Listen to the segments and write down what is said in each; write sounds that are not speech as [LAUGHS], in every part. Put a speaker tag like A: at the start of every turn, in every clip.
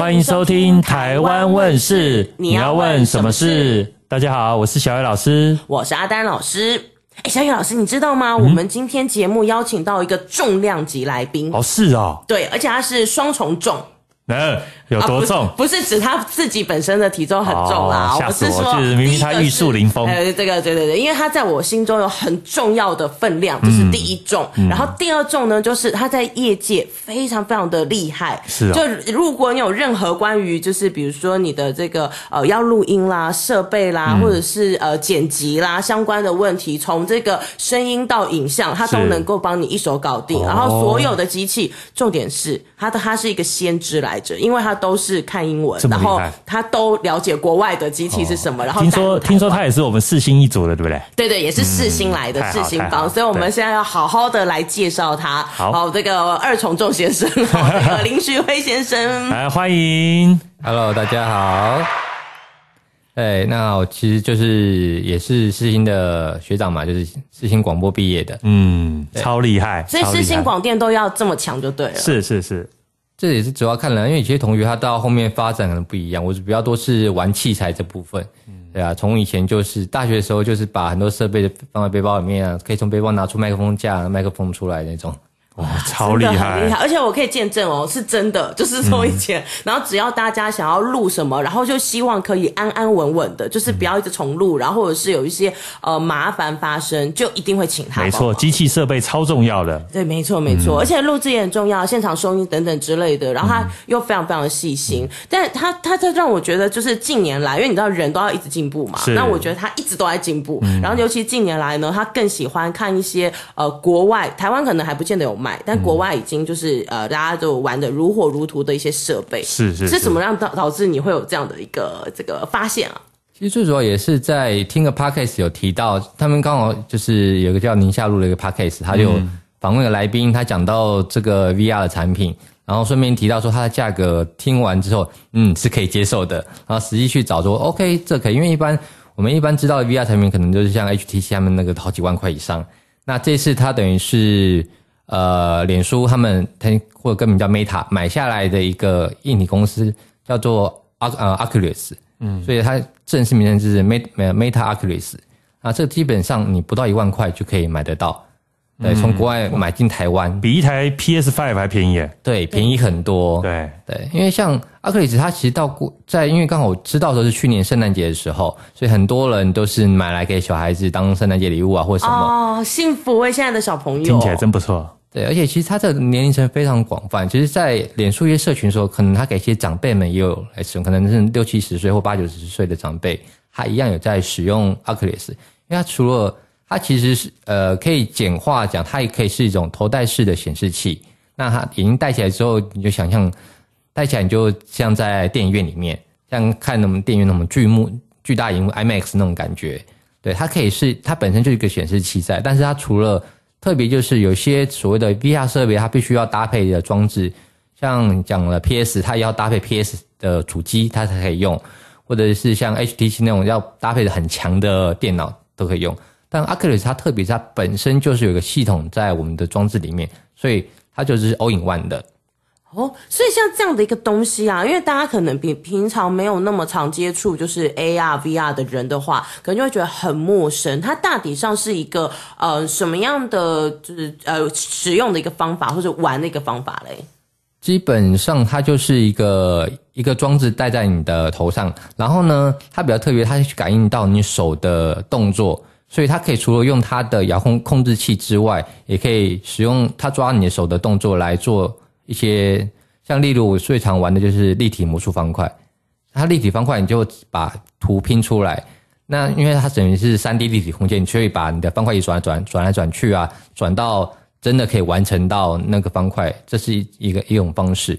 A: 歡迎收聽台《台灣問事，你要問什麼事？大家好，我是小雨老師，我是阿丹老師。
B: 哎、欸，小雨老師，你知道嗎？嗯、我們今天節目邀請到一個重量級來賓。哦，
A: 是啊、哦，
B: 對，而且他是雙重重。
A: 呃、嗯，有多重，啊不，不
B: 是指他自己本身的體重很重啦，啊哦，我不是說，明明他玉樹臨風，呃。這個對對對，因為他在我心中有很重要的分量，這，就是第一重，嗯嗯。然後第二重呢，就是他在業界非常非常的厲害。是、啊。就如果你有任何關於就是比如說你的這個呃要錄音啦，設備啦，嗯，或者是呃剪輯啦相關的問題，從這個聲音到影像，他都能夠幫你一手搞定。然後所有的機器，哦，重點是，他的他是一個先知來。因為他都是看英文，然後他都了解國外的機器是什麼。哦、然後聽說，
A: 聽說他也是我們四星一族的，對不對？
B: 對對，也是四星來的、嗯、四星房，所以我們現在要好好的來介紹他。好，好，這個二重奏先生，林徐輝先生，來歡迎，Hello，大家好。
C: 哎，那我其實就是也是四星的學長嘛，就是四星廣播畢業的，嗯，超厲害，超厲害。所以四星
B: 廣電都要這麼強就對了，是
C: 是是。是這也是主要看人，因為有些同學他到後面發展可能不一樣。我是比較多是玩器材這部分。嗯，對啊，從以前就是大學的時候，就是把很多設備放在背包裡面啊，可以從背包拿出麥克風架、麥克風出來那種。哇，超厲害，厲害，而
B: 且我可以見證哦，是真的，就是從以前、嗯，然後只要大家想要錄什麼，然後就希望可以安安穩穩的，就是不要一直重錄，嗯、然後或者是有一些呃麻煩發生，就一定會請他。沒錯，機
A: 器設備超重要的，對，
B: 對沒錯沒錯，嗯，而且錄制也很重要，現場收音等等之類的，然後他又非常非常的細心，嗯，但他他他讓我覺得就是近年來，因為你知道人都要一直進步嘛，是那我覺得他一直都在進步，嗯，然後尤其近年來呢，他更喜歡看一些呃國外，台灣可能還不見得有。買，但國外已經就是、嗯、呃，大家都玩得如火如荼的一些設備，是是，是，是怎麼讓導導致你會有這樣的一個這個發現啊？
C: 其實最主要也是在聽個 podcast 有提到，他們剛好就是有個叫寧夏路的一個 podcast，他就訪問了來賓，他講到這個 VR 的產品，然後順便提到說它的價格，聽完之後，嗯，是可以接受的，然後實際去找說 OK 這可以，因為一般我們一般知道的 VR 產品可能就是像 HTC 他們那個好幾萬塊以上，那這次它等於是。呃，臉書他們他或者更名叫 Meta 買下來的一個硬體公司叫做阿呃 Oculus，嗯，所以它正式名稱就是 Meta Oculus，啊，這基本上你不到一萬塊就可以買得到。對，從國外買進台灣，嗯、比一台 PS Five 還便宜誒。對，便宜很多。對對，因為像 Oculus 他其實到在，因為剛好我知道的時候是去年聖誕節的時候，所以很多人都是買來給小孩子當聖誕節禮物啊，或者什麼。哦，
B: 幸福誒！現在的小朋友聽起來真
C: 不錯。對，而且其實他這個年齡層非常廣泛。其實，在臉書一些社群的時候，可能他給一些長輩們也有來使用，可能是六七十歲或八九十歲的長輩，他一樣有在使用 Oculus，因為他除了它其實是呃，可以簡化講，它也可以是一種頭戴式的顯示器。那它已經戴起來之後，你就想象戴起來你就像在電影院裡面，像看我們電影院那種巨幕、巨大熒幕 IMAX 那種感覺。對，它可以是它本身就是一個顯示器在，但是它除了特別就是有些所謂的 VR 設備，它必須要搭配的裝置，像講了 PS，它要搭配 PS 的主機它才可以用，或者是像 HTC 那種要搭配的很強的電腦都可以用。但 Oculus 它特別，它本身就是有一個系統在我們的裝置裡面，所以它就是 all in one 的。
B: 哦，所以像這樣的一個東西啊，因為大家可能比平常沒有那麼常接觸，就是 AR、VR 的人的話，可能就會覺得很陌生。它大體上是一個呃什麼樣的，就是呃使用的一個方法或者玩的一個方法嘞？
C: 基本上它就是一個一個裝置戴在你的頭上，然後呢，它比較特別，它是去感應到你手的動作。所以它可以除了用它的遙控控制器之外，也可以使用它抓你的手的動作來做一些，像例如我最常玩的就是立體魔術方塊。它立體方塊，你就把圖拼出來。那因為它等於是 3D 立體空間，你就可以把你的方塊一轉轉轉來轉去啊，轉到真的可以完成到那個方塊，這是一一個一種方式。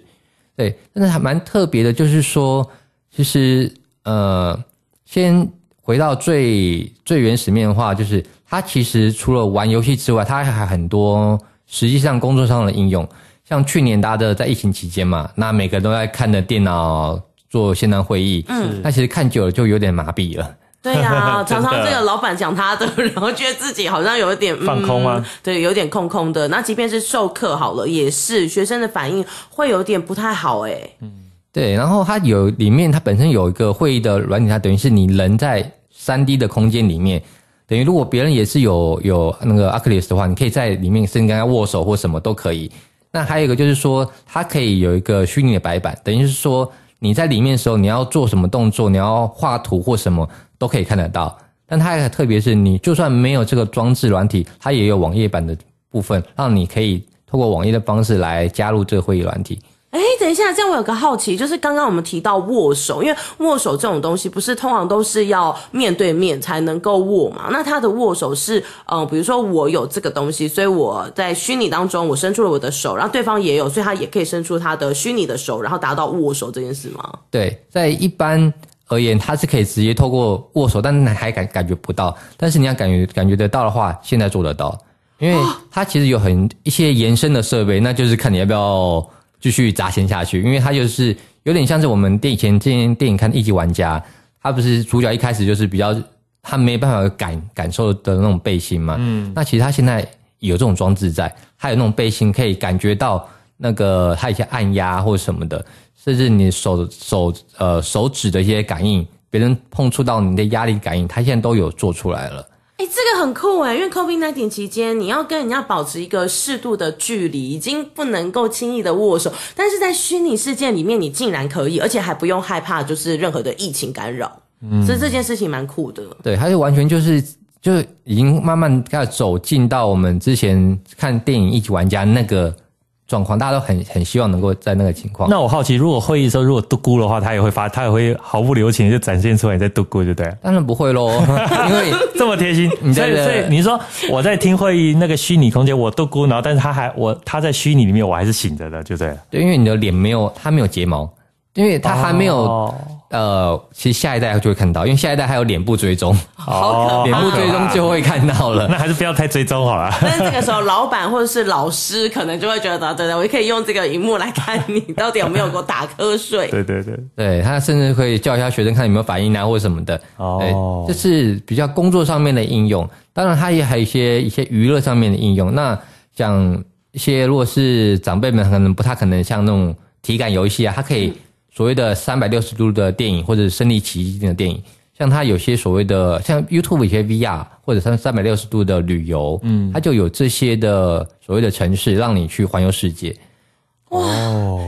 C: 對，但是還蠻特別的，就是說，其實，呃，先。回到最最原始面的話，就是它其實除了玩遊戲之外，它還很多實際上工作上的應用。像去年大家的在疫情期間嘛，那每個人都在看着電腦做線上會議，嗯，那其實看久了就有點麻痹了。對啊，常常這個老
B: 板講他的， [LAUGHS] 的，然後覺得自己好像有一點、嗯、放空啊，對，有點空空的。那即便是授課好了，也是學生的反應會有點不太好誒、欸。嗯。
C: 對，然後它有裡面，它本身有一個會議的軟體，它等於是你人在 3D 的空間裡面，等於如果別人也是有有那個 Oculus 的話，你可以在裡面甚至跟他握手或什麼都可以。那還有一個就是說，它可以有一個虛擬的白板，等於是說你在裡面的時候，你要做什麼動作，你要畫圖或什麼都可以看得到。但它還特別是你就算沒有這個裝置軟體，它也有網頁版的部分，讓你可以透過網頁的方式來加入這個會議軟體。
B: 哎，等一下，這樣我有個好奇，就是剛剛我們提到握手，因為握手這種東西不是通常都是要面對面才能夠握嘛？那他的握手是，嗯、呃，比如說我有這個東西，所以我在虛擬當中我伸出了我的手，然後對方也有，所以他也可以伸出他的虛擬的手，然後達到握手這件事嗎？
C: 對，在一般而言，他是可以直接透過握手，但還感感覺不到。但是你要感覺感覺得到的話，現在做得到，因為它其實有很一些延伸的設備，那就是看你要不要，繼續砸錢下去，因為它就是有點像是我們電影前之前電影看的一級玩家，他不是主角一開始就是比較，他沒辦法感感受的那種背心嘛，嗯，那其實他現在有這種裝置在，還有那種背心可以感覺到那個他一些按壓或什麼的，甚至你手手呃手指的一些感應，別人碰觸到你的壓力感應，他現在都有做出來了。
B: 哎、欸，這個很酷哎，因為 COVID 19期間，你要跟人家保持一個適度的距離，已經不能夠輕易的握手，但是在虛擬世界裡面，你竟然可以，而且還不用害怕，就是任何的疫情干擾。嗯，
C: 所以這件
B: 事情蠻酷的。
C: 對，它是完全就是就是已經慢慢要走進到我們之前看電影一級玩家那個狀況，大家都很很希望能夠在那個情
A: 況。那我好奇，如果會議的時候，如果嘟孤的話，他也會發，他也會毫不留情就展現出來，你在嘟咕，對不對？當然不會咯， [LAUGHS] 因為這麼貼心。你在，所以你說我在聽會議那個虛擬空間，我嘟咕，然後但是他還我，他在虛擬裡面，我還是醒着的，就這樣。對，因為你的臉沒
C: 有，他沒有睫毛，因為他還沒有。哦呃，其實下一代就會看到，因為下一代還有臉部追蹤，好可，臉部追蹤就會看到了。那還是不要太追蹤好了。但是
B: 那個時候，老板或者是老師可能就會覺得，對的，我可以用這個熒幕來看你 [LAUGHS] 到底有沒有給我打瞌睡。對對
C: 對，對他甚至可以叫一下學生看有沒有反應啊，或什麼的。哦，這、就是比較工作上面的應用。當然，他也還有一些一些娛樂上面的應用。那像一些，如果是長輩們可能不太可能，像那種體感遊戲啊，他可以。所謂的三百六十度的電影，或者是身歷其境的電影，像它有些所謂的像 YouTube 一些 VR 或者三三百六十度的旅遊，嗯，它就有這些的所謂的城市，讓你去環遊世界。
A: 哇，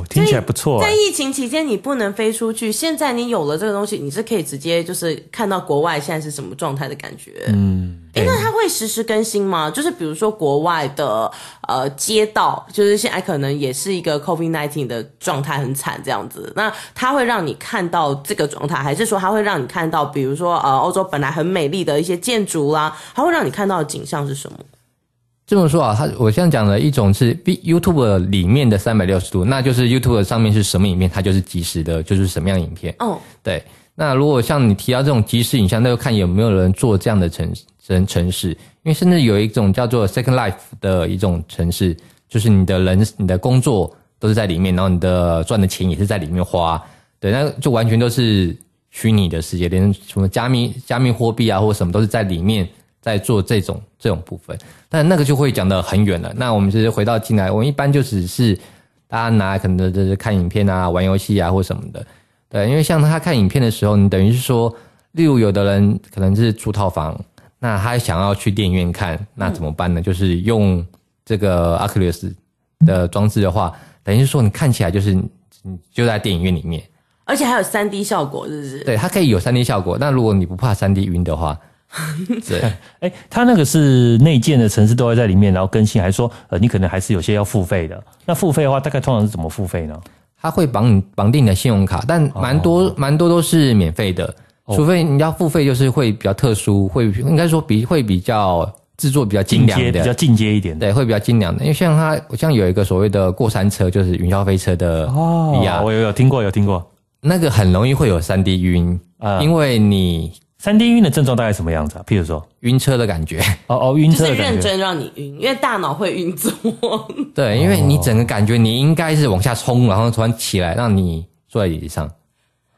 A: 聽起來不錯、欸。在疫
B: 情期間，你不能飛出去。現在你有了這個東西，你是可以直接就是看到國外現在是什麼狀態的感覺。
A: 嗯，哎、欸欸，那它
B: 會實時更新嗎？就是比如說國外的呃街道，就是現在可能也是一個 COVID-19 的狀態，很慘這樣子。那它會讓你看到這個狀態，還是說它會讓你看到，比如說呃歐洲本來很美麗的一些建築啦、啊，它會讓你看到的景象是什麼？
C: 這麼說啊，他我現在講的一種是 B YouTube 裡面的三百六十度，那就是 YouTube 上面是什麼影片，它就是即時的，就是什麼樣影片。嗯、哦，對。那如果像你提到這種即時影像，那就看有沒有人做這樣的城城城市，因為甚至有一種叫做 Second Life 的一種城市，就是你的人、你的工作都是在裡面，然後你的賺的錢也是在裡面花。對，那就完全都是虛擬的世界，連什麼加密加密貨幣啊，或什麼都是在裡面。在做這種這種部分，但那個就會講得很遠了。那我們就是回到進來，我們一般就只是大家拿來可能就是看影片啊、玩遊戲啊或什麼的。對，因為像他看影片的時候，你等於是說，例如有的人可能是住套房，那他想要去電影院看，那怎麼辦呢？嗯、就是用這個 Oculus 的裝置的話，等於是說你看起來就是你就在電影院裡面，
B: 而且還有三 D 效果，是不是？
C: 對，它可以有三 D 效果。那如果你
A: 不怕三 D 暈的話。 [LAUGHS] 對，哎、欸，他那個是內建的程式都會在裡面，然後更新，還說呃，你可能還是有些要付費的。那付費的話，大概通常是怎麼付費呢？
C: 他會綁你綁定你的信用卡，但蠻多蠻、哦、多都是免費的，除非你要付費，就是會比較特殊，哦、會應該說比會比較製作比較精良的，進階比較進階一點的，對，會比較精良的。因為像他，像有一個所謂的過山車，就是雲霄飛車的 BR, 哦，我有有聽過，有聽過，那個很容易會有三 D 暈啊，因為你。三 D 暈的症狀大概是什麼樣子啊？譬如說暈車的感覺，哦哦，暈車的感覺，就是認
B: 真讓你暈，因為大腦會暈住， [LAUGHS] 。
C: 對，因為你整個感覺你應該是往下衝，然後突然起來，讓你坐在椅子上，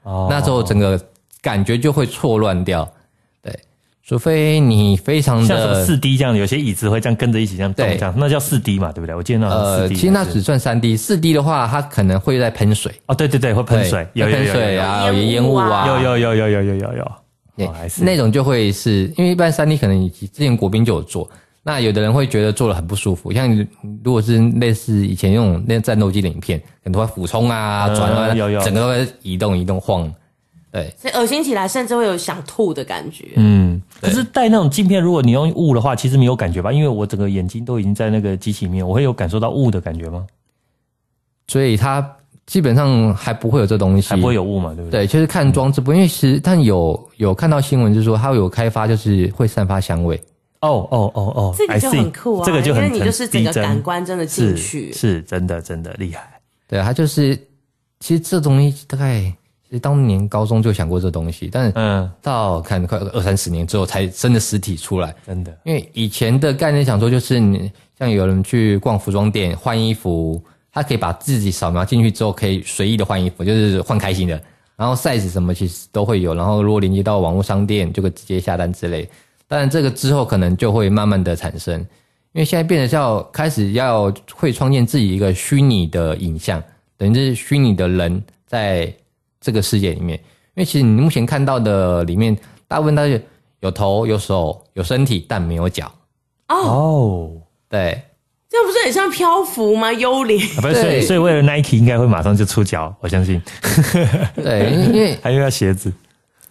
C: 哦、oh.，那時候整個感覺就會錯亂掉。對，除非你非常的四 D
A: 這樣，有些椅子會這樣跟着一起這樣動，這樣，對。那叫四 D 嘛，對不對？我見到四 D，呃，其實那只算三 D，四 D 的話它可能會在噴
C: 水哦，對對對，會噴水，有噴水啊，有煙霧啊，有有
A: 有有有有有有。
C: 哦、還是那種就會是因為一般三 D 可能以前國賓就有做，那有的人會覺得做得很不舒服，像如果是類似以前用那種戰鬥機的影片，很多俯衝啊、轉、嗯、
A: 彎，轉有有有整個都會移動、移動、晃，對，
B: 所以噁心起來甚至會有想吐的感覺。
A: 嗯，可是戴那種鏡片，如果你用霧的話，其實沒有感覺吧？因為我整個眼睛都已經在那個機器裡面，我會有感受到霧的感覺嗎？所以它。基
C: 本上還不會有這東西，還不會有霧嘛，對不對？對，就是看裝置，不、嗯、因為其實，但有有看到新聞，就是說它有開發，就是會散發香味。哦哦哦哦，這個就很酷啊！See, 這個就很厲害，因為你就是整個感官真
B: 的進去是，是
A: 真的真的厲害。
C: 對，它就是其實這東西大概其實當年高中就想過這東西，但是嗯，到看快二三十年之後才真的實體出來，真的。因為以前的概念想說，就是你像有人去逛服裝店換衣服。他可以把自己掃描進去之後，可以隨意的換衣服，就是換開心的，然後 size 什麼其實都會有。然後如果連接到網絡商店，就可以直接下單之類。當然，這個之後可能就會慢慢的產生，因為現在變得要開始要會創建自己一個虛擬的影像，等於是虛擬的人在這個世界裡面。因為其實你目前看到的裡面，大部分都是有頭、有手、有身體，但沒有腳。
B: 哦、
A: oh，對。
B: 這不是很像漂浮嗎？幽靈？不是，所以所
A: 以為了 Nike 應該會馬上就出腳，我相信。 [LAUGHS] 對，因為還要鞋子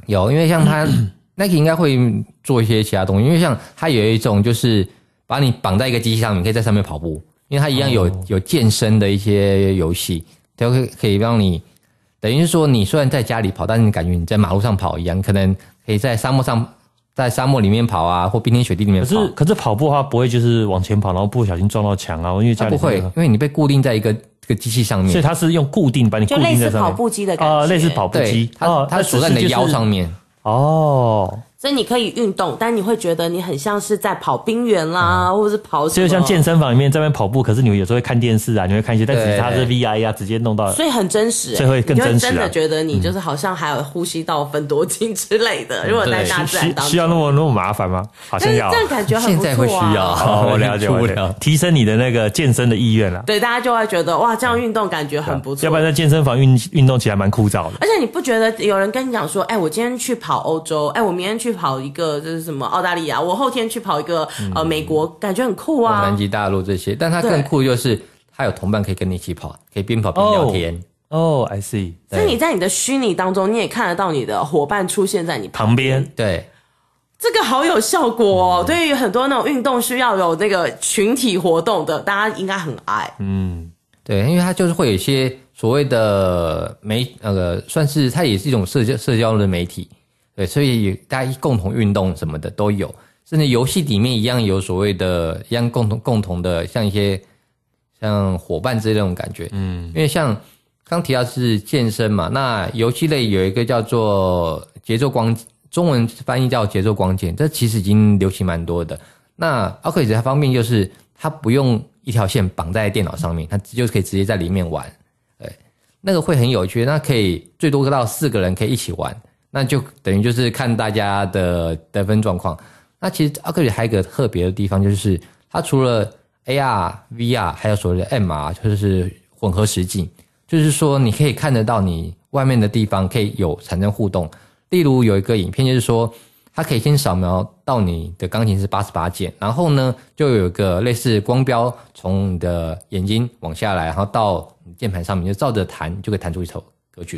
A: 有，因為像它
C: [COUGHS] Nike 應該會做一些其他東西，因為像它有一種就是把你綁在一個機器上面，你可以在上面跑步，因為它一樣有、哦、有健身的一些遊戲，它可以可以讓你等於說你雖然在家裡跑，但是你感覺你在馬路上跑一樣，可能可以在沙漠上。在沙漠裡面跑啊，或冰天雪地裡面跑。可是，可是跑步的話，不會就是往前跑，然
A: 後不小心撞到牆啊？因為這樣。不會，因為你被固定在一個一個機器上面，所以它是用固定把你固定在上面。類似跑步機的感覺，呃，類似跑步機，它它鎖在你的腰上面，哦。
B: 所以你可以運動，但你會覺得你很像是在跑冰原啦、啊嗯，或者是跑什麼。就像健
A: 身房裡面在那邊跑步，可是你們有時候會看電視啊，你會看一些，但其實它是 VR 呀，直接弄到。所以很
B: 真實、欸。所以會更真實、啊、你會真的覺得你就是好像還有呼吸到芬多精之類的。嗯、如果在大自然當
A: 中。需要，需要那麼那麼麻煩嗎？好像要。這樣感覺很不錯啊。現在會需要。哦、我了解了，提升你的那個健身的意願了、啊。
B: 對，大家就會覺得哇，這樣運動感覺很不
A: 錯。要不然在健身房運運動起來蠻枯燥的。
B: 而且你不覺得有人跟你講說，哎、欸，我今天去跑歐洲，哎、欸，我明天去。去跑一個就是什麼澳大利亞，我後天去跑一個呃美國，嗯、感覺很酷啊！南
C: 極大陸這些，但它更酷就是它有同伴可以跟你一起跑，可以邊跑邊聊天。哦、
A: oh, oh，I see。所以你在
B: 你的虛擬當中，你也看得到你的夥伴出現在你
A: 旁邊。對，
B: 這個好有效果哦。嗯、對於很多那種運動需要有那個群體活動的，大家應該很愛。
C: 嗯，對，因為它就是會有一些所謂的媒那個、呃、算是它也是一種社交社交的媒體。對，所以大家一共同運動什麼的都有，甚至遊戲裡面一樣有所謂的，一樣共同共同的，像一些像夥伴之類的那種感覺。嗯，因為像剛提到是健身嘛，那遊戲類有一個叫做節奏光，中文翻譯叫節奏光劍，這其實已經流行蠻多的。那 Oculus 它方面就是它不用一條線綁在電腦上面，它、嗯、就可以直接在裡面玩。對，那個會很有趣，那可以最多到四個人可以一起玩。那就等於就是看大家的得分狀況。那其實阿克里還有一個特別的地方，就是它除了 AR、VR，還有所謂的 MR，就是混合實境，就是說你可以看得到你外面的地方，可以有產生互動。例如有一個影片，就是說它可以先掃描到你的鋼琴是八十八鍵，然後呢，就有一個類似光標從你的眼睛往下來，然後到鍵盤上面，就照着彈就可以彈出一首。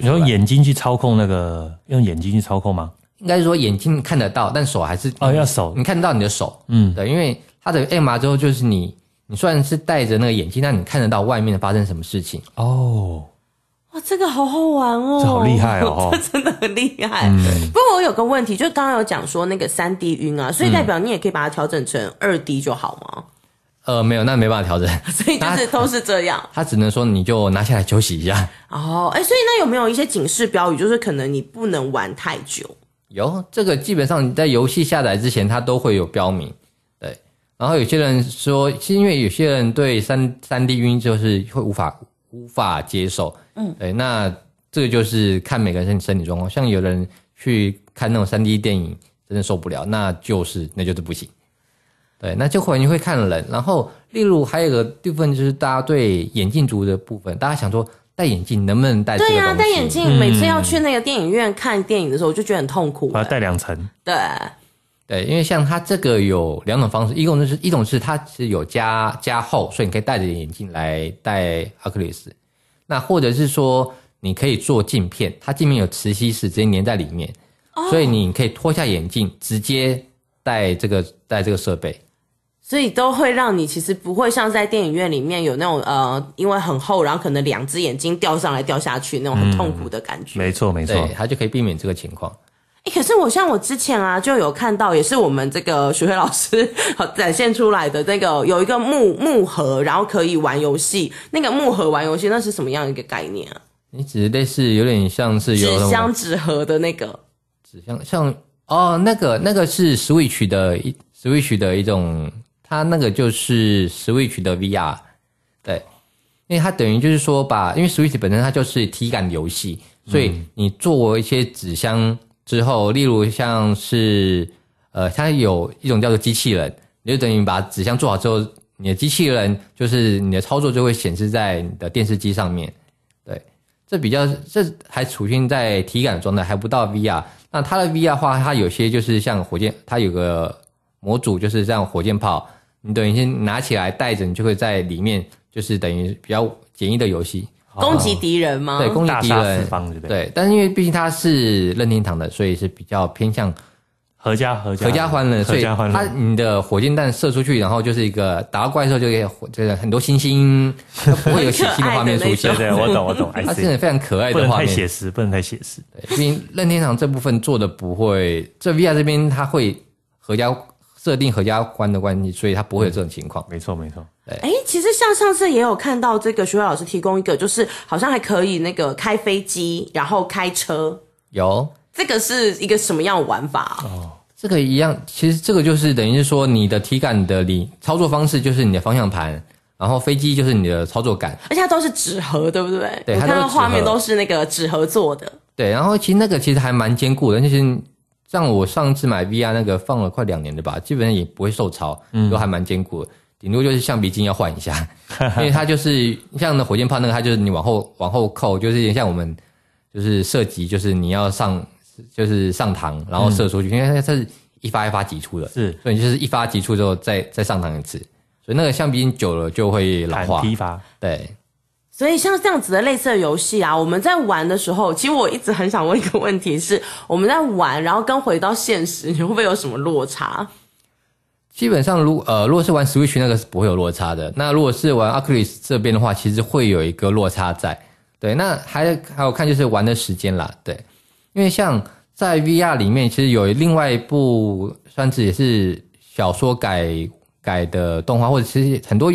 C: 你用眼
A: 睛去操控那個，
C: 用眼睛去操控嗎？應該是說眼睛看得到，但手還是哦，要手。你看得到你的手，嗯、哦，對，因為它的 MR 之後就是你，你雖然是戴着那個眼鏡，但你看得到外面發生什麼事情。哦，
B: 哇，這個好好玩哦，這好厲害哦，哦，這真的很厲害、嗯欸。不過我有個問題，就剛剛有講說那個三 D 暈啊，所以代表你也可以把它調整成二 D 就好嗎？嗯
C: 呃，沒有，那沒辦法調整， [LAUGHS]
B: 所以就是都是這樣。
C: 他只能說你就拿下來休息一下。哦，
B: 哎、欸，所以那有沒有一些警示標語？就是可能你不能玩太久。有，這個基
C: 本上你在遊戲下載之前，它都會有標明。對，然後有些人說，是因為有些人對三三 D 暈，就是會無法無法接受。嗯，對，那這個就是看每個人身體狀況。像有人去看那種三 D 電影，真的受不了，那就是那就是不行。對，那就會你會看人。然後，例如還有個部分就是大家對眼鏡族的部分，大家想說戴眼鏡能不能戴這個東西？對啊，戴眼鏡、嗯、每次要去
B: 那個電影院看電影的時候，我就覺得很痛苦。把它戴兩層。對
C: 對，因為像它這個有兩種方式，一種就是一種是它是有加加厚，所以你可以戴着眼鏡來戴阿克里斯。那或者是說你可以做鏡片，它鏡片有磁吸式，直接粘在裡面、哦，所以你可以脫下眼鏡，直接戴這個戴這個設備。
B: 所以都會讓你其實不會像在電影院裡面有那種呃，因為很厚，然後可能兩隻眼睛掉上來掉下去那種很痛苦的感覺。嗯、
C: 沒錯，沒錯，它就可以避免這個情況。
B: 哎、欸，可是我像我之前啊，就有看到也是我們這個徐輝老師展現出來的那個有一個木木盒，然後可以玩遊戲。那個木盒玩遊戲，那是什麼樣一個概念啊？
C: 你指的類似有點像是紙箱
B: 紙盒的那個
C: 紙箱，像哦，那個那個是 Switch 的 Switch 的一種。它那個就是 Switch 的 VR，對，因為它等於就是說把，因為 Switch 本身它就是體感遊戲，所以你做一些紙箱之後、嗯，例如像是呃，它有一種叫做機器人，你就等於把紙箱做好之後，你的機器人就是你的操作就會顯示在你的電視機上面，對，這比較這還處現在體感的狀態，還不到 VR。那它的 VR 的話，它有些就是像火箭，它有個模組就是像火箭炮。你等於先拿起來帶着，你就會在裡面，就是等於比較簡易的遊戲，攻擊敵人嗎、嗯？對，攻擊敵人對，對。但是因為畢竟它是任天堂的，所以是比較偏向
A: 合家合家合家歡樂，所以它
C: 你的火箭彈射出去，然後就是一個打到怪獸，就可以，就是很多星星，不會有血腥的畫面出現。 [LAUGHS] 對，對，對，我懂，我懂，它 [LAUGHS] 真的非常可愛的畫面，不能太寫實，不能太寫實。畢竟任天堂這部分做的不會，這 VR 這邊它會合家。設定和壓關的關係，所以他不會有這種情況、嗯。沒錯，沒錯。
B: 哎、欸，其實像上次也有看到這個徐輝老師提供一個，就是好像還可以那個開飛機，然後開車。有。這個是一個什麼樣的玩法？
C: 哦，這個一樣。其實這個就是等於是說你的體感的裡操作方式就是你的方向盤，然後飛機就是你的操作桿。
B: 而且它都是紙盒，對不對？對，它的畫面都是那個紙盒做的。
C: 對，然後其實那個其實還蠻堅固的，就是。像我上次買 VR 那個放了快兩年的吧，基本上也不會受潮，嗯、都還蠻堅固的，頂多就是橡皮筋要換一下， [LAUGHS] 因為它就是像那火箭炮那個，它就是你往後往後扣，就是像我們就是射擊，就是你要上就是上膛然後射出去，嗯、因為它它是，一發一發擊出的，是，所以就是一發擊出之後再再上膛一次，所以那個橡皮筋久了就會老化，彈疲乏，對。
B: 所以像這樣子的類似的遊戲啊，我們在玩的時候，其實我一直很想問一個問題是：是我們在玩，然後跟回到現實，你會不會有什麼落差？
C: 基本上，如呃，如果是玩 Switch 那個是不會有落差的。那如果是玩 Oculus 這邊的話，其實會有一個落差在。對，那還還有看就是玩的時間啦。對，因為像在 VR 裡面，其實有另外一部算是也是小說改改的動畫，或者其實很多。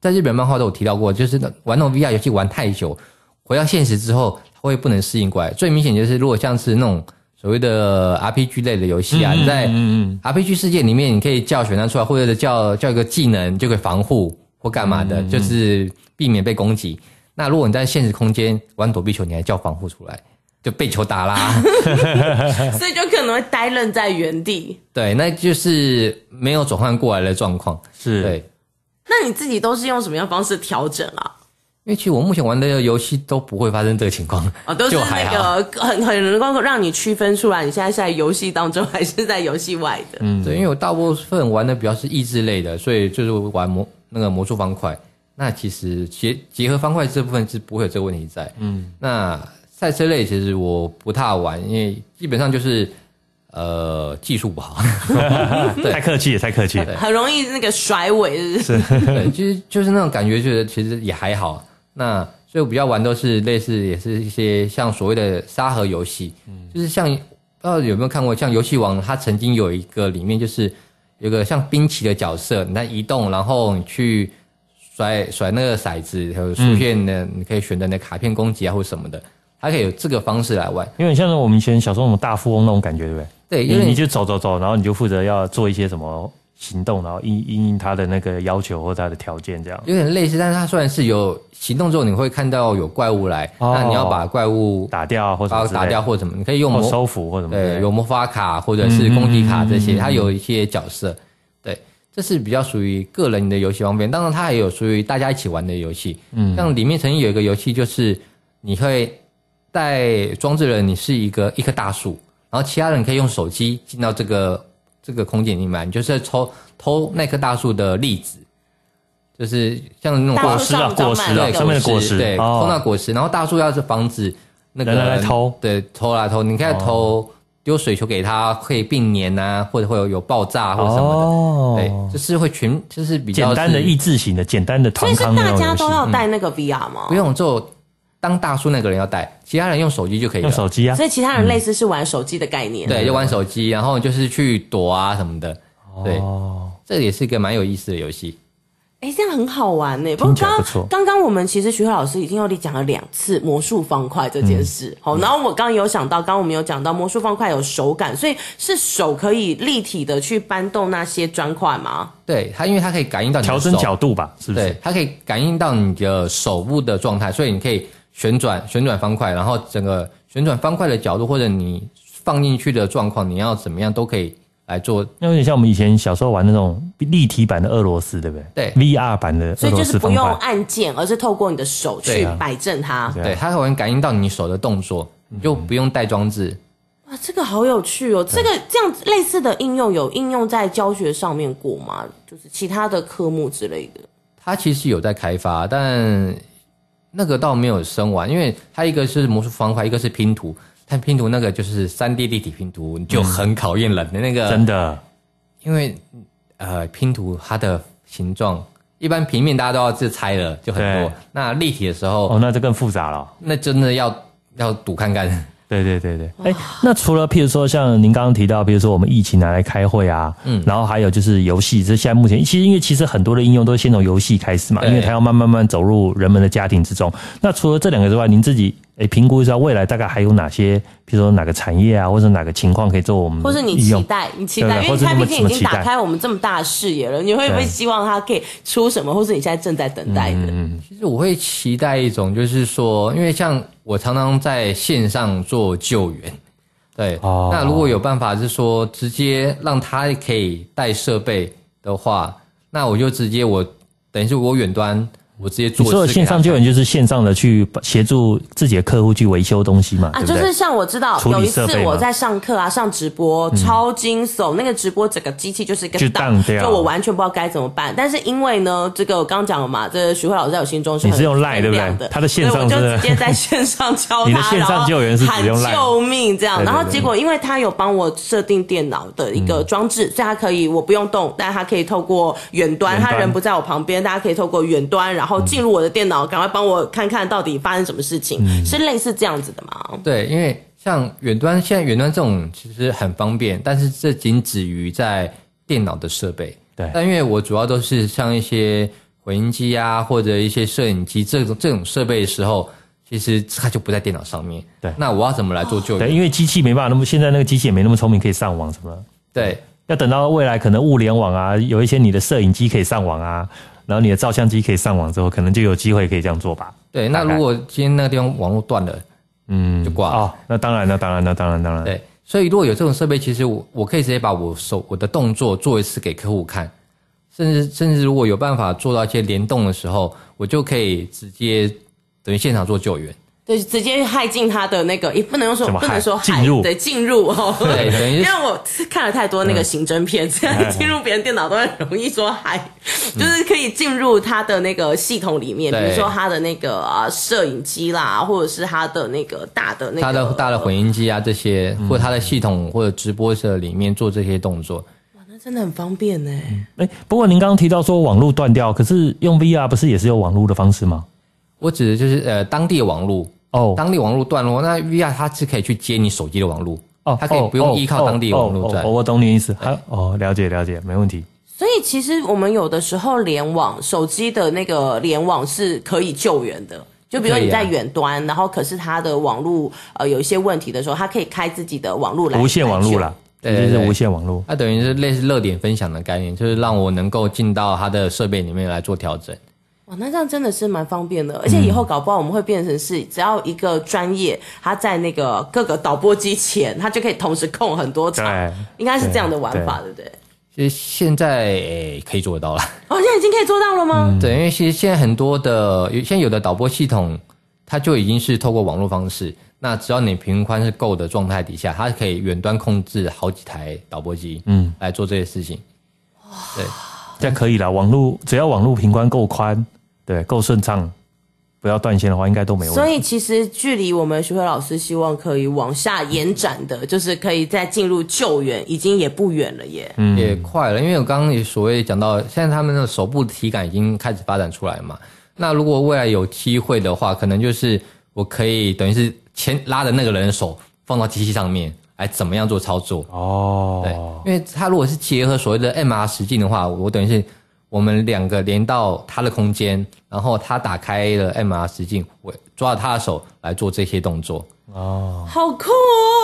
C: 在日本漫畫都有提到過，就是玩那種 VR 遊戲玩太久，回到現實之後會不能適應過來。最明顯就是，如果像是那種所謂的 RPG 類的遊戲啊，嗯、你在 RPG 世界裡面，你可以叫選擇出來，或者叫叫一個技能你就可以防護或幹嘛的，嗯，就是避免被攻擊。那如果你在現實空間玩躲避球，你還叫防護出來，就被球打啦。 [LAUGHS] [LAUGHS] 所
B: 以就可能會呆愣在原地。
C: 對，那就是沒有轉換過來的狀況。是。對。
B: 那你自己都是用什麼樣的方式調整啊？
C: 因為其實我目前玩的遊戲都不會發生這個情況啊，都是就還那
B: 個很很能夠讓你區分出來，你現在是在遊戲當中還是在遊戲外的。嗯，對，因
C: 為我大部分玩的比較是益智類的，所以就是玩魔那個魔術方塊。那其實結結合方塊這部分是不會有這個問題在。嗯，那賽車類其實我不太玩，因為基本上就是。呃，技術不好， [LAUGHS] 對 [LAUGHS] 太客氣了，太客氣了。很
B: 容易那個甩尾是是。
C: 是， [LAUGHS] 就是就是那種感覺，覺得其實也還好。那所以我比較玩都是類似，也是一些像所謂的沙盒遊戲，就是像不知道有沒有看過，像遊戲王，它曾經有一個裡面就是有個像兵棋的角色，你在移動，然後你去甩甩那個骰子，還有薯片的，嗯、你可以選擇那卡片攻擊啊，或什麼的，
A: 它可以有這個方式來玩。因為像我們以前小時候那種大富翁那種感覺，對不對？對，因為、欸，你就走走走，然後你就負責要做一些什麼行動，然後應應，應他的那個要求或他的條件這樣。有點類似，但是他雖然是有行動之後，你會看到有怪物來，哦、那你要把
C: 怪物打掉或者打掉或者什麼，你可以用魔收服或什麼。對，對有魔法卡或者是攻擊卡這些嗯嗯嗯嗯，他有一些角色。對，這是比較屬於個人的遊戲方面。當然，它也有屬於大家一起玩的遊戲。嗯，像裡面曾經有一個遊戲，就是你會帶裝置了，你是一個一棵大樹。然後其他人可以用手機進到這個這個空間裡面，你就是要抽偷那棵大樹的粒子，就是像是那種果實啊，啊果實，啊果實啊，對，上面的果實，果實、啊果實，啊、的果實對，偷、哦、到果實，然後大樹要是防止那個來來偷，對偷來偷，你可以偷、哦、丟水球給他，可以並粘啊，或者會有有爆炸或者什麼的，哦、對，就是會群，就是比較是簡單的益智型的簡單的、的。所以是大家都要戴那
B: 個 VR 嗎？嗯、
C: 不用就。當大叔那個人要帶，其他人用手機就可以了。用手機啊！所以其他人類
B: 似是玩手機的概念、嗯。對，就玩
C: 手機，然後就是去躲啊什麼的。哦、對，這個、也是一個蠻有意思的遊戲。
B: 哎、欸，這樣很好玩呢、欸。不過剛剛不錯。剛剛我們其實徐輝老師已經有講了兩次魔術方塊這件事、嗯。好，然後我剛剛有想到，剛剛我們有講到魔術方塊有手感，所以是手可以立體的去搬動那些磚塊嗎？
C: 對，它因為它可以感應到你的手，調整角度吧？是不是？對，它可以感應到你的手部的狀態，所以你可以。旋轉旋轉方塊，然後整個旋轉方塊的角度或者你放進去的狀況，你要怎麼樣都可
A: 以來做。那有點像我們以前小時候玩那種立體版的俄羅斯，對不對？對，VR 版的俄羅斯方塊。所以就是不用
B: 按鍵，而是透過你的手去擺正它。對啊，對啊，
A: 它可能感應到
C: 你手的動作，你就不用帶裝置。
B: 哇，嗯，啊，這個好有趣哦！這個這樣類似的應用有應用在教學上面過嗎？就是其他的科目之類的？
C: 它其實有在開發，但。那個倒沒有生完，因為它一個是魔術方塊，一個是拼圖。但拼圖那個就是三 D 立體拼圖，就很考驗人的那個、嗯。真的，因為呃，拼圖它的形狀一般平面大家都要自猜的，就很多。那立體的時候，哦，那就更複雜了。那真的要要賭看看。對對對
A: 對，哎、欸，那除了譬如說像您剛剛提到，比如說我們疫情拿來開會啊，嗯，然後還有就是遊戲，這現在目前其實因為其實很多的應用都先從遊戲開始嘛，因為它要慢慢慢慢走入人們的家庭之中。那除了這兩個之外，您自己。哎，評估一下未來大概還有哪些，比如說哪個產業啊，或者哪個情況可以做我們，或者你期待，你期待，因為 o p 天已經打開
B: 我們這麼大視野了麼麼，你會不會希望它可以出什麼，或是你現在正在等待的？嗯、其
C: 實我會期待一種，就是說，因為像我常常在線上做救援，對，哦、那如果有辦法是說直接讓他可以帶設備的話，那我就直接我等於是我遠端。我直接做你說的線上救
A: 援，就是線上的去協助自己的客戶去維修東西嘛？啊，對對，就是像
B: 我知道有一次我在上課啊，上直播、嗯、超驚悚，那個直播整個機器就是一個檔，當就我完全不知道該怎麼辦。但是因為呢，這個我剛剛講了嘛，這個、徐輝老師在我心中是很厲害
A: 的，是用 Line 對，對他的線上，對，所以我就直接在
B: 線上教他， [LAUGHS] 你的線上救援是 Line，然後喊救命這樣。對對對。然後結果因為他有幫我設定電腦的一個裝置、嗯，所以他可以，我不用動，但他可以透過遠端，端，他人不在我旁邊，大家可以透過遠端然後。然後進入我的電腦，趕快幫我看看到底發生什麼事情，嗯、是類似這樣子的嗎？
C: 對，因為像遠端，現在遠端這種其實很方便，但是這僅止於在電腦的設備。對，但因為我主要都是像一些回音機啊，或者一些攝影機這種這種設備的時候，其實它就不在電腦
A: 上面。對，那我要怎麼來做救援？哦、對，因為機器沒辦法那麼，現在那個機器也沒那麼聰明，可以上網什麼？對，要等到未來可能物聯網啊，有一些你的攝影機可以上網啊。然後你的照相機可以上網之後，可能就有機會可以這樣做吧。
C: 對，看看。那如果今天那個地方網絡斷了，嗯，就掛了。哦，那當然了，那當然了，那當然當然。對，所以如果有這種設備，其實我我可以直接把我手我的動作做一次給客戶看，甚至甚至如果有辦法做到一些聯動的時候，我就可以直接等於現場做救援。
B: 對，直接駭進他的那個，也不能用說不能說駭，得進入，對進入哦對。對，因為我看了太多那個刑偵片，嗯，這樣進入別人電腦都很容易說駭，嗯，就是可以進入他的那個系統裡面，嗯，比如說他的那個啊攝影機啦，或者是他的那個大的那個他的
C: 大的混音機啊這些，嗯，或者他的系統或者直播室裡面做這
A: 些動作。哇，
B: 那真的很方便呢。哎，
A: 欸，不過您剛，剛提到說網路斷掉，可是用 VR 不是也是有網路的方式嗎？我指的就是呃，當地的網絡哦，oh, 當地網
C: 絡斷落。那 V R 它是可以去接你手機的網絡哦，oh, 它可以不用依靠當地的網絡。我我懂
A: 你意思，好哦，了解了解，沒問題。
B: 所以其實我們有的時候聯網，手機的那個聯網是可以救援的。就比如說你在遠端，啊，然後可是它的網絡呃有一些問題的時候，它可以開自己的網絡來無線網絡了，
A: 對，就是無線網絡，
C: 那等於是類似熱點分享的概念，就是讓我能夠進到它的設備裡面來做調整。
B: 哦，那這樣真的是蠻方便的，而且以後搞不好我們會變成是，只要一個專業、嗯、他在那個各個導播機前，他就可以同時控很多場，應該是這樣的玩法對對，對
C: 不對？其實現在、欸，可以做得到了，
B: 哦，現在已經可以做到了嗎、嗯？
C: 對，因為其實現在很多的，有現在有的導播系統，它就已經是透過網絡方式，那只要你頻寬是夠的狀態底下，它可以遠端控制好幾台導播
A: 機，嗯，來做這些事情，哇、嗯，對，這樣可以了，網絡只要網絡頻寬夠寬。對，夠順暢，不要斷線的話，應該都沒問題。所
B: 以其實距離我們徐輝老師希望可以往下延展的，嗯、就是可以再進入救援，已經也不遠了耶，嗯，
C: 也快了。因為我剛剛也所謂講到，現在他們的手部體感已經開始發展出來嘛。那如果未來有機會的話，可能就是我可以等於是牽拉着那個人的手，放到機器上面，來怎麼樣做操作哦？對，因為他如果是結合所謂的 MR 實境的話，我等於是，我們兩個連到他的空間，然後他打開了 M R 實境，我抓了他的手來做這些動
A: 作。
B: 哦，好酷！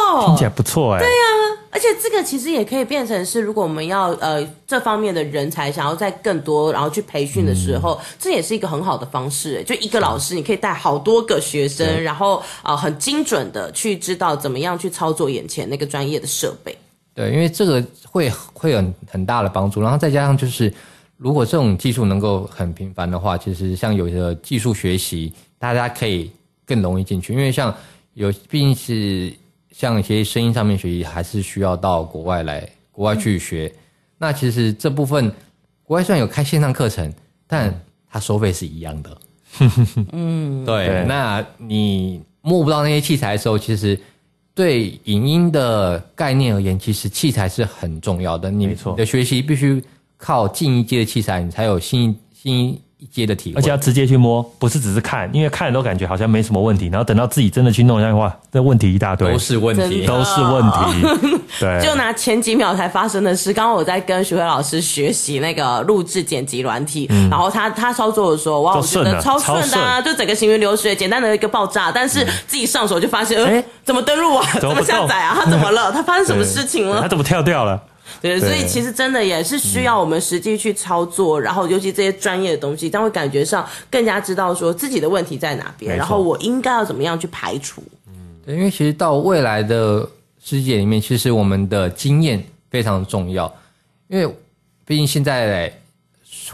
B: 哦！聽起來
A: 不錯哎。對呀、
B: 啊，而且這個其實也可以變成是，如果我們要呃這方面的人才想要再更多，然後去培訓的時候，嗯、這也是一個很好的方式。誒，就一個老師，你可以帶好多個學生，然後啊、呃，很精準的去知道怎麼樣去操作眼前那個專業的設備。
C: 對，因為這個會會有很大的幫助，然後再加上就是。如果這種技術能夠很頻繁的話，其實像有的技術學習，大家可以更容易進去，因為像有畢竟是像一些聲音上面學習，還是需要到國外來國外去學。嗯。那其實這部分國外雖然有開線上課程，但它收費是一樣的。
A: 嗯 [LAUGHS] 對，對。那
C: 你摸不到那些器材的時候，其實對影音的概念而言，其實器材是很
A: 重要的。沒錯，你的學習必須。靠近一階的器材，你才有新一新一階的體會。而且要直接去摸，不是只是看，因為看了都感覺好像沒什麼問題。然後等到自己真的去弄一下的話，那問題一大堆，都是問題，都是問題。對。就
B: 拿前幾秒才發生的事，剛剛我在跟徐輝老師學習那個錄製剪輯軟體，嗯、然後他他操作的時候，哇，我覺得超順的，啊，就整個行雲流水，簡單的一個爆炸。但是自己上手就發現，哎、嗯，怎麼登錄啊？怎？怎麼下載啊？他怎麼了？ [LAUGHS] 他發生什麼事情了？他怎麼
A: 跳掉了？
B: 對，對，所以其實真的也是需要我們實際去操作，嗯、然後尤其這些專業的東西，但會感覺上更加知道說自己的問題在哪邊，然後我應該要怎麼樣去排除。
C: 嗯，對，因為其實到未來的世界裡面，其實我們的經驗非常重要，因為畢竟現在來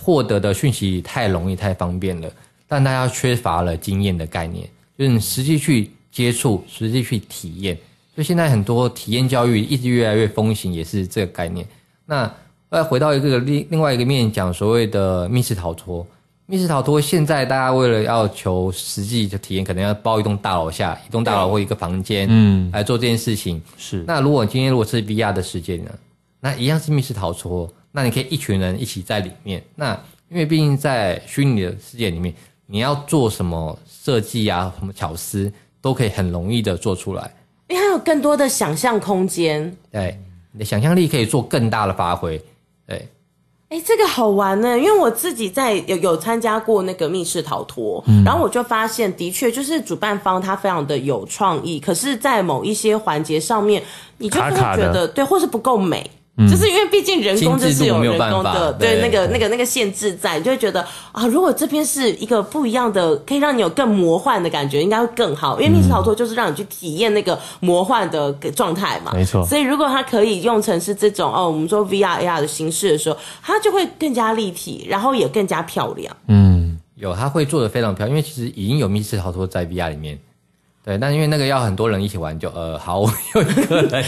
C: 獲得的訊息太容易、太方便了，但大家缺乏了經驗的概念，就是你實際去接觸、實際去體驗。所以現在很多體驗教育一直越來越風行，也是這個概念。那再回到一個另、另外一個面講，所謂的密室逃脫，密室逃脫現在大家為了要求實際的體驗，可能要包一棟大樓下，一棟大樓或一個房間，嗯，來做這件事情。是。那如果今天如果是 VR 的世界呢？那一樣是密室逃脫，那你可以一群人一起在裡面。那因為畢竟在虛擬的世界裡面，你要做什麼設計啊，什麼巧思，都可以很容易的做出來。
B: 你還有更多的想象空間，
C: 對，你的想象力可以做更大的發揮，對，
B: 哎、欸，這個好玩呢、欸，因為我自己在有有參加過那個密室逃脫、嗯，然後我就發現，的確就是主辦方他非常的有創意，可是，在某一些環節上面，你就會覺得卡卡的，對，或是不夠美。嗯、就是因為畢竟人工就是有人工的，對，對，對，對那個那個那個限制在，你就會覺得啊，如果這邊是一個不一樣的，可以讓你有更魔幻的感覺，應該會更好。嗯、因為密室逃脫就是讓你去體驗那個魔幻的個狀態嘛，沒錯。所以如果它可以用成是這種哦，我們說 V R A R 的形式的時候，它就會更加立體，然後也更加漂亮。
C: 嗯，有它會做得非常漂亮，因為其實已經有密室逃脫在 V R 裡面。對，但因為那個要很多人一起玩，就呃好，又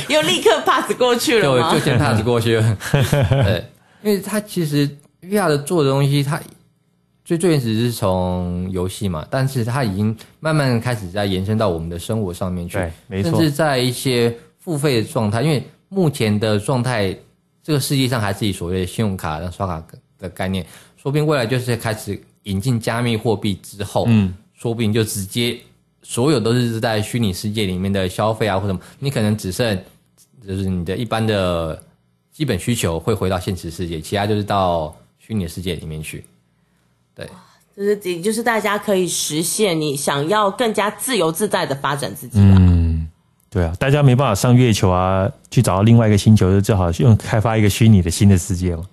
C: 又 [LAUGHS] 立刻 pass 過去了對，就就先 pass 過去了。 [LAUGHS] 對，因為他其實 VR 的做的東西，它最最原始是從遊戲嘛，但是它已經慢慢開始在延伸到我們的生活上面去，對，沒錯，甚至在一些付費的狀態，因為目前的狀態，這個世界上還是以所謂的信用卡、刷卡的概念，說不定未來就是開始引進加密貨幣之後，嗯，說不定就直接。所有都是在虛擬世界裡面的消費啊，或者什麼，你可能只剩就是你的一般的基本需求會回到現實世界，其他就是到虛擬世界裡面去。對，
B: 就是就是大家可以實現你想要更加自由自在的發展自己
A: 啊。嗯，對啊，大家沒辦法上月球啊，去找到另外一個星球，就最好用開發一個虛擬的新的世界嘛。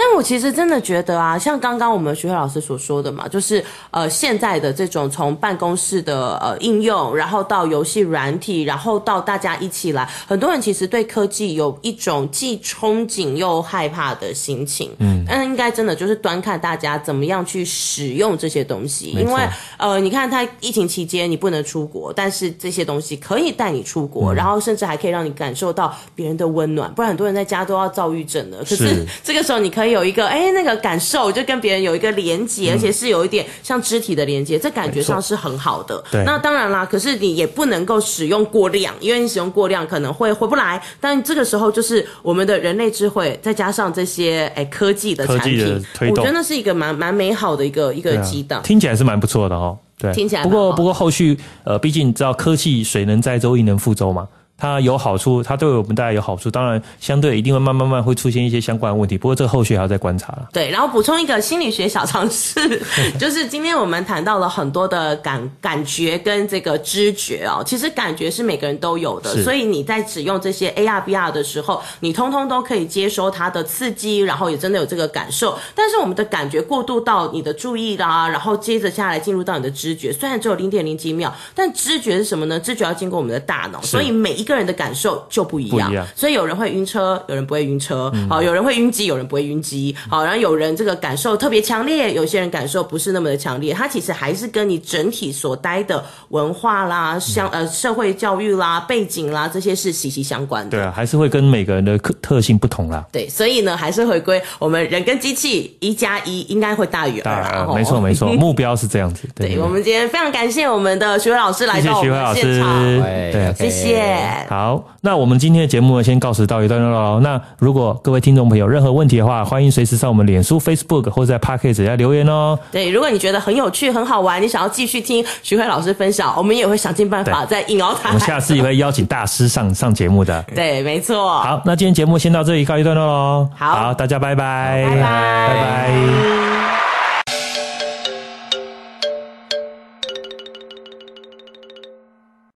B: 但我其實真的覺得啊，像剛剛我們徐輝老師所說的嘛，就是呃，現在的這種從辦公室的呃應用，然後到遊戲軟體，然後到大家一起來，很多人其實對科技有一種既憧憬又害怕的心情。嗯，但應該真的就是端看大家怎麼樣去使用這些東西，因為呃，你看他疫情期間你不能出國，但是這些東西可以帶你出國，然後甚至還可以讓你感受到別人的溫暖，不然很多人在家都要躁鬱症了。可是這個時候你可以。有一個哎、欸，那個感受，就跟別人有一個連接、嗯，而且是有一點像肢體的連接，這感覺上是很好的。對，那當然啦，可是你也不能夠使用過量，因為你使用過量可能會回不來。但這個時候就是我們的人類智慧，再加上這些哎、欸、科技的產品，科技的推動，我覺得那是一個蠻蠻美好的一個一個激盪、啊。聽
A: 起來是蠻不錯的哦，對，聽起來。不過不過後續呃，畢竟你知道科技水能載舟亦能覆舟嘛。它有好處，它對我們大家有好處。當然，相對一定會慢，慢慢慢會出現一些相關的問題。不過，這個後續還要再觀察了。
B: 對，然後補充一個心理學小常識， [LAUGHS] 就是今天我們談到了很多的感感覺跟這個知覺哦。其實感覺是每個人都有的，所以你在使用這些 AR VR 的時候，你通通都可以接收它的刺激，然後也真的有這個感受。但是，我們的感覺過渡到你的注意啦，然後接着下來進入到你的知覺，雖然只有零點零幾秒，但知覺是什麼呢？知覺要經過我們的大腦，所以每一個，個人的感受就不一，不一樣，所以有人會暈車，有人不會暈車，好，有人會暈機，有人不會暈機，好，然後有人這個感受特別強烈，有些人感受不是那麼的強烈，它其實還是跟你整體所待的文化啦、相呃社會教育啦、背景啦這些是息息相關的。對，
A: 啊，還是會跟每個人的特性不同啦。
B: 對，所以呢，還是回歸我們人跟機器一加一應該會大於二啦，沒錯沒錯， [LAUGHS] 目
A: 標是這樣子對對。對，我們
B: 今天非常感謝我們的徐輝老師來到我們現場，謝謝對，okay, 謝謝。哎哎哎哎
A: 好，那我們今天的節目呢，先告一段落嘍。那如果各位聽眾朋友有任何問題的話，歡迎隨時上我們臉書、Facebook 或者在 Pocket 要留言哦。
B: 對，如果你覺得很有趣、很好玩，你想要繼續聽徐輝老師分享，我們也會想盡辦法再引到台。我們下
A: 次也會邀請大師上 [LAUGHS] 上節目的。
B: 對，沒錯。
A: 好，那今天節目先到這裡告一段落嘍。好，大家拜拜，拜拜。拜拜拜拜。